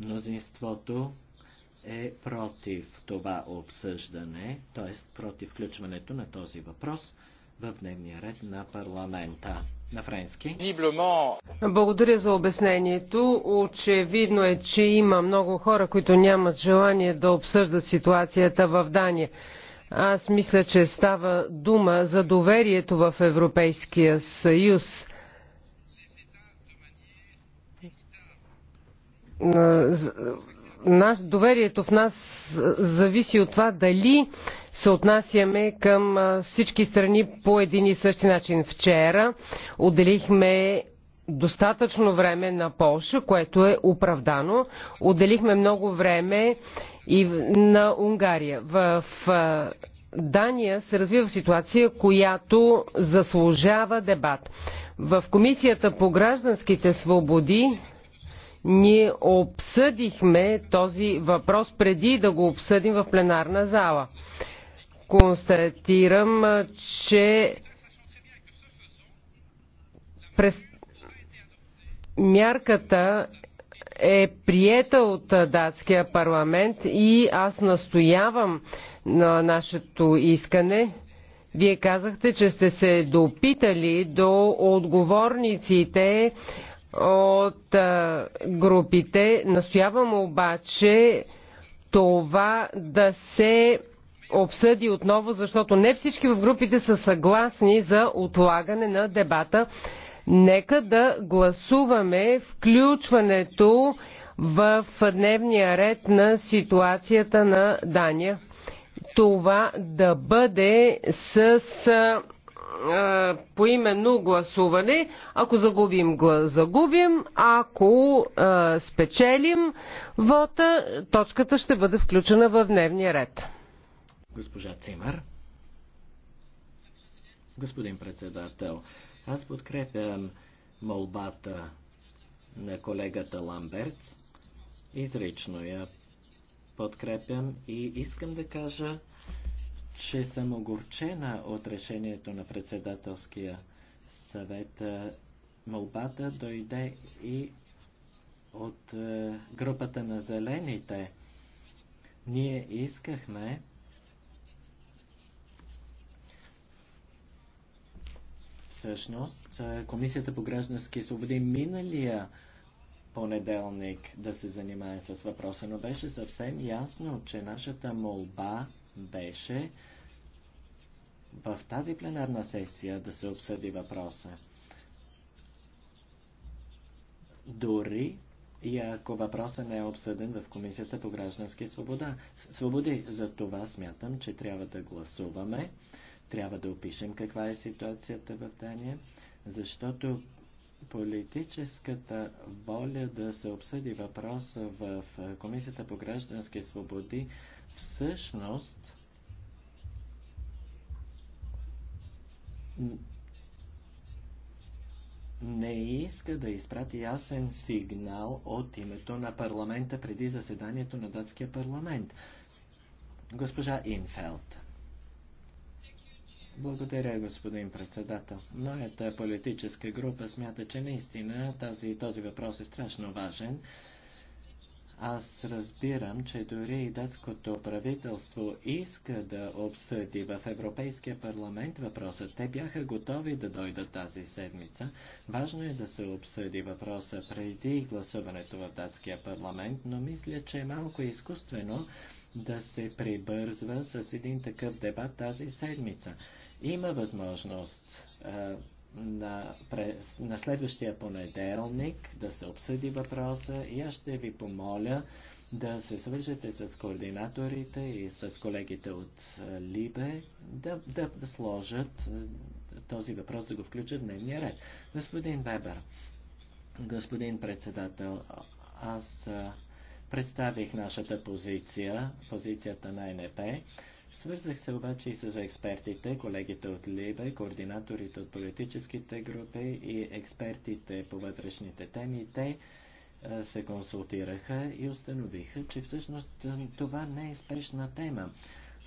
Мнозинството е против това обсъждане, т.е. против включването на този въпрос в дневния ред на парламента. На френски. Благодаря за обяснението. Очевидно е, че има много хора, които нямат желание да обсъждат ситуацията в Дания. Аз мисля, че става дума за доверието в Европейския съюз нас, доверието в нас зависи от това дали се отнасяме към всички страни по един и същи начин. Вчера отделихме достатъчно време на Полша, което е оправдано. Отделихме много време и на Унгария. В Дания се развива ситуация, която заслужава дебат. В Комисията по гражданските свободи ние обсъдихме този въпрос преди да го обсъдим в пленарна зала. Констатирам, че през мярката е приета от датския парламент и аз настоявам на нашето искане. Вие казахте, че сте се допитали до отговорниците от групите. Настоявам обаче това да се обсъди отново, защото не всички в групите са съгласни за отлагане на дебата. Нека да гласуваме включването в дневния ред на ситуацията на Дания. Това да бъде с поименно гласуване. Ако загубим, загубим. Ако а, спечелим вота, точката ще бъде включена в дневния ред. Госпожа Цимър. Господин председател, аз подкрепям молбата на колегата Ламберц. Изрично я подкрепям и искам да кажа, че съм огорчена от решението на председателския съвет. Е, Молбата дойде и от е, групата на зелените. Ние искахме всъщност е, Комисията по граждански свободи миналия понеделник да се занимае с въпроса, но беше съвсем ясно, че нашата молба беше в тази пленарна сесия да се обсъди въпроса. Дори и ако въпроса не е обсъден в Комисията по граждански свобода. свободи. За това смятам, че трябва да гласуваме, трябва да опишем каква е ситуацията в Дания, защото политическата воля да се обсъди въпроса в Комисията по граждански свободи Всъщност, не иска да изпрати ясен сигнал от името на парламента преди заседанието на датския парламент. Госпожа Инфелд. Благодаря, господин председател. Моята политическа група смята, че наистина тази, този въпрос е страшно важен. Аз разбирам, че дори и датското правителство иска да обсъди в Европейския парламент въпроса. Те бяха готови да дойдат тази седмица. Важно е да се обсъди въпроса преди гласуването в датския парламент, но мисля, че е малко изкуствено да се прибързва с един такъв дебат тази седмица. Има възможност на, през, на следващия понеделник да се обсъди въпроса и аз ще ви помоля да се свържете с координаторите и с колегите от е, Либе да, да, да сложат е, този въпрос, да го включат в дневния ред. Господин Вебер, господин председател, аз е, представих нашата позиция, позицията на НП. Свързах се обаче и с експертите, колегите от Либе, координаторите от политическите групи и експертите по вътрешните теми. Те е, се консултираха и установиха, че всъщност е, това не е спешна тема.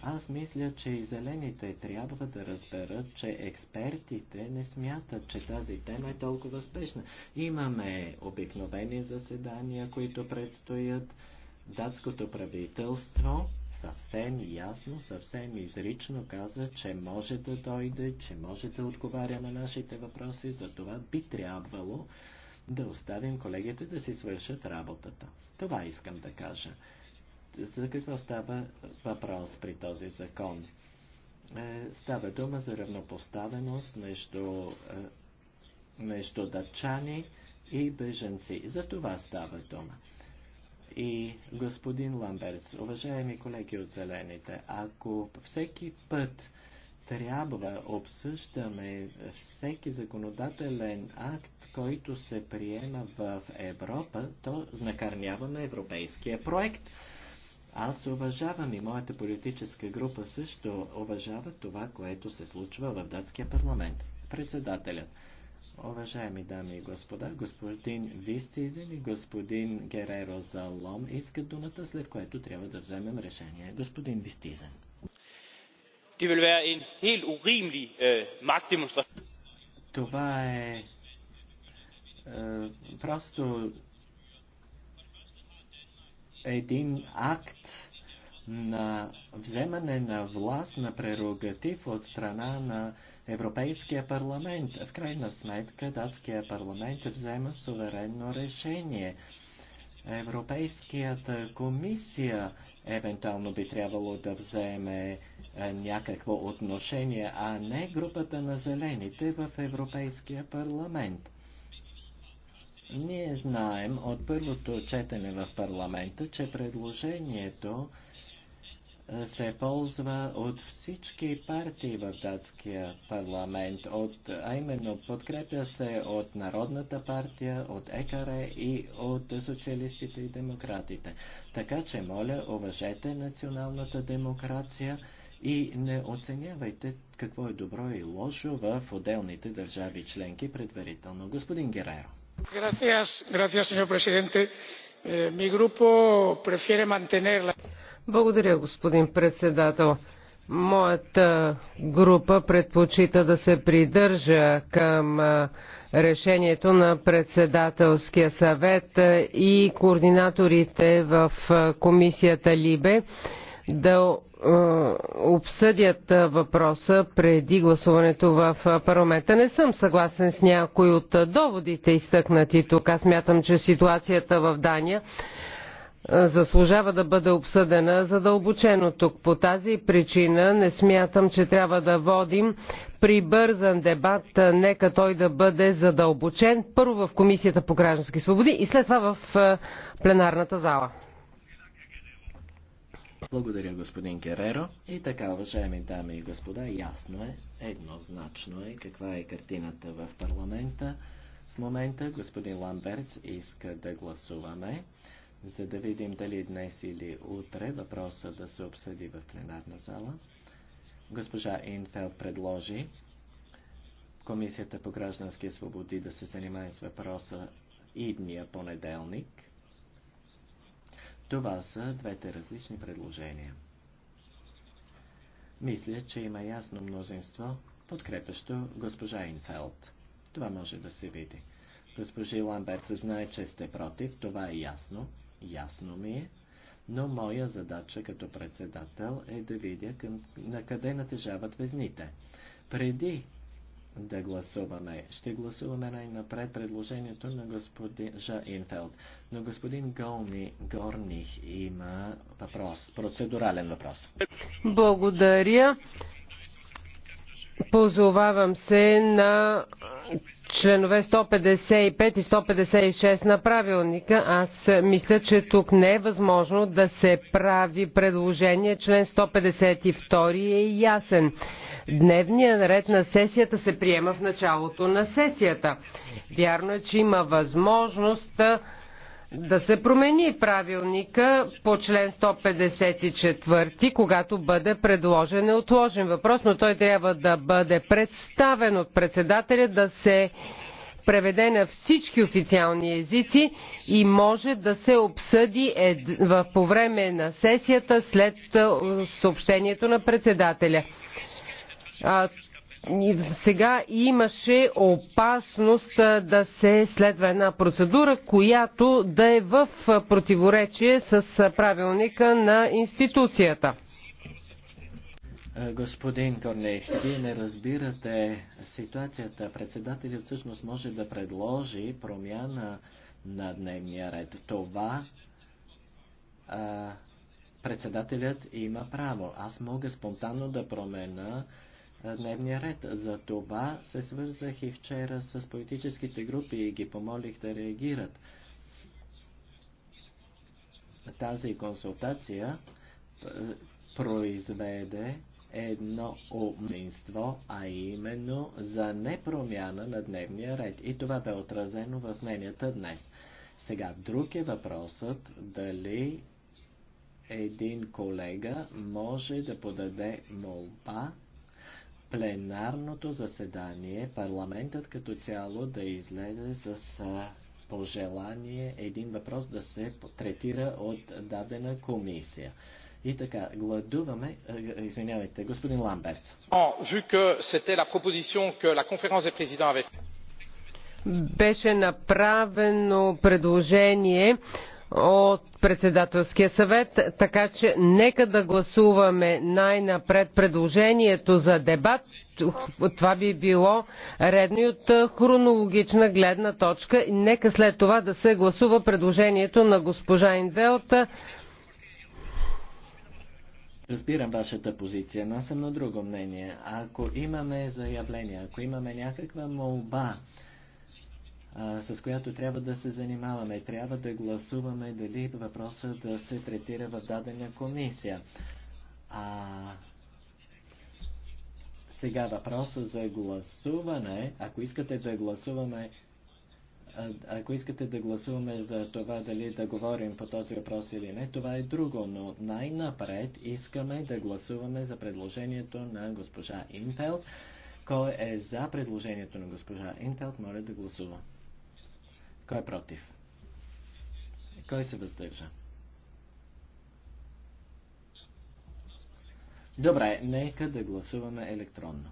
Аз мисля, че и зелените трябва да разберат, че експертите не смятат, че тази тема е толкова спешна. Имаме обикновени заседания, които предстоят. Датското правителство съвсем ясно, съвсем изрично каза, че може да дойде, че може да отговаря на нашите въпроси, за това би трябвало да оставим колегите да си свършат работата. Това искам да кажа. За какво става въпрос при този закон? Е, става дума за равнопоставеност между, е, между дачани и беженци. За това става дума и господин Ламберц, уважаеми колеги от Зелените, ако всеки път трябва обсъждаме всеки законодателен акт, който се приема в Европа, то накърняваме европейския проект. Аз уважавам и моята политическа група също уважава това, което се случва в датския парламент. Председателят. Уважаеми дами и господа, господин Вистизен и господин Гереро Залом искат думата, след което трябва да вземем решение. Господин Вистизен. Øh, Това е, е просто един акт, на вземане на власт, на прерогатив от страна на Европейския парламент. В крайна сметка датския парламент взема суверенно решение. Европейската комисия евентуално би трябвало да вземе е, някакво отношение, а не групата на зелените в Европейския парламент. Ние знаем от първото четене в парламента, че предложението се ползва от всички партии в датския парламент, от, а именно подкрепя се от Народната партия, от ЕКАРЕ и от социалистите и демократите. Така че, моля, уважете националната демокрация и не оценявайте какво е добро и лошо в отделните държави членки предварително. Господин Гереро. Gracias, gracias, señor presidente. Eh, mi grupo prefiere mantener la благодаря, господин председател. Моята група предпочита да се придържа към решението на председателския съвет и координаторите в комисията Либе да обсъдят въпроса преди гласуването в парламента. Не съм съгласен с някои от доводите изтъкнати тук. Аз мятам, че ситуацията в Дания е, заслужава да бъде обсъдена задълбочено тук. По тази причина не смятам, че трябва да водим прибързан дебат. Е, нека той да бъде задълбочен първо в Комисията по граждански свободи и след това в е, пленарната зала. Благодаря, господин Кереро, И така, уважаеми дами и господа, ясно е, еднозначно е каква е картината в парламента. В момента господин Ламберц иска да гласуваме за да видим дали днес или утре въпроса да се обсъди в пленарна зала. Госпожа Инфелд предложи Комисията по граждански свободи да се занимае с въпроса идния понеделник. Това са двете различни предложения. Мисля, че има ясно мнозинство, подкрепящо госпожа Инфелд. Това може да се види. Госпожи Ламберт, знае, че сте против, това е ясно. Ясно ми е, но моя задача като председател е да видя към, на къде натежават везните. Преди да гласуваме, ще гласуваме най-напред предложението на господин Жа Инфелд, но господин Голни Горних има въпрос, процедурален въпрос. Благодаря. Позовавам се на членове 155 и 156 на правилника. Аз мисля, че тук не е възможно да се прави предложение. Член 152 е ясен. Дневният наред на сесията се приема в началото на сесията. Вярно е, че има възможност да се промени правилника по член 154, когато бъде предложен отложен въпрос, но той трябва да бъде представен от председателя, да се преведе на всички официални езици и може да се обсъди ед... по време на сесията след съобщението на председателя сега имаше опасност да се следва една процедура, която да е в противоречие с правилника на институцията. Господин Корлех, вие не разбирате ситуацията. Председателят всъщност може да предложи промяна на дневния ред. Това а, председателят има право. Аз мога спонтанно да променя е, дневния ред. За това се свързах и вчера с политическите групи и ги помолих да реагират. Тази консултация е, произведе едно умнинство, а именно за непромяна на дневния ред. И това бе отразено в мненията днес. Сега друг е въпросът дали един колега може да подаде молба пленарното заседание парламентът като цяло да излезе с пожелание един въпрос да се третира от дадена комисия. И така, гладуваме, извинявайте, господин Ламберт. Беше направено предложение от председателския съвет, така че нека да гласуваме най-напред предложението за дебат. Това би било редно и от хронологична гледна точка. Нека след това да се гласува предложението на госпожа Инвелта. Разбирам вашата позиция, но аз съм на друго мнение. Ако имаме заявление, ако имаме някаква молба, а, с която трябва да се занимаваме. Трябва да гласуваме дали въпросът да се третира в дадена комисия. А, сега въпроса за гласуване, ако искате да гласуваме ако искате да гласуваме за това дали да говорим по този въпрос или не, това е друго, но най-напред искаме да гласуваме за предложението на госпожа Интел. Кой е за предложението на госпожа Интел, моля да гласува. Кой е против? Кой се въздържа? Добре, нека да гласуваме електронно.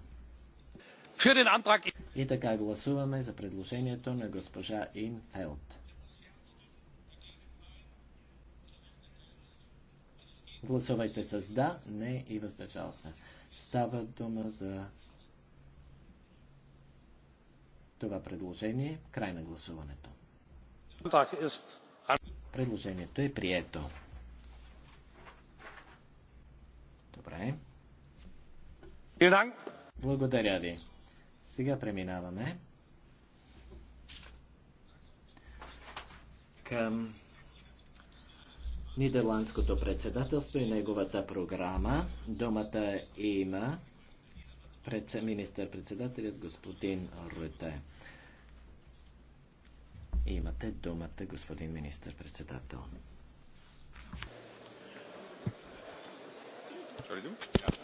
И така гласуваме за предложението на госпожа Инфелд. Гласувайте с да, не и въздържал се. Става дума за това предложение. Край на гласуването. Предложението е прието. Добре. Благодаря ви. Сега преминаваме към Нидерландското председателство и неговата програма. Домата има министър-председателят господин Руте. Имате думата, господин министър-председател. Sorry,